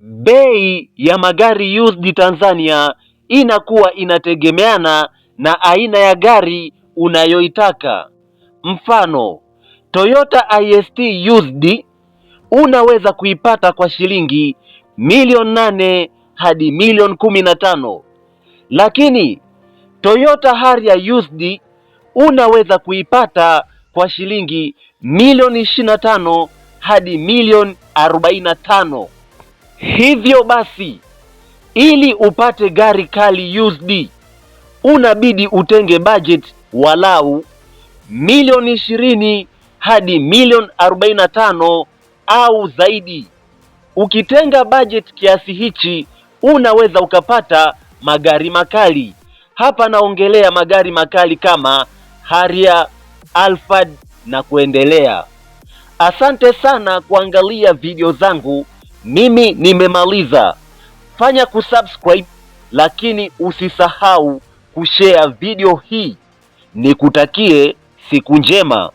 bei ya magari used Tanzania inakuwa inategemeana na aina ya gari unayoitaka. Mfano, Toyota IST used unaweza kuipata kwa shilingi milioni nane hadi milioni kumi na tano, lakini Toyota Harrier used unaweza kuipata kwa shilingi milioni 25 tano hadi milioni 45 tano. Hivyo basi ili upate gari kali used unabidi utenge budget walau milioni ishirini hadi milioni 45 tano au zaidi. Ukitenga budget kiasi hichi unaweza ukapata magari makali. Hapa naongelea magari makali kama Harrier, Alphard na kuendelea. Asante sana kuangalia video zangu. Mimi nimemaliza. Fanya kusubscribe, lakini usisahau kushare video hii. Nikutakie siku njema.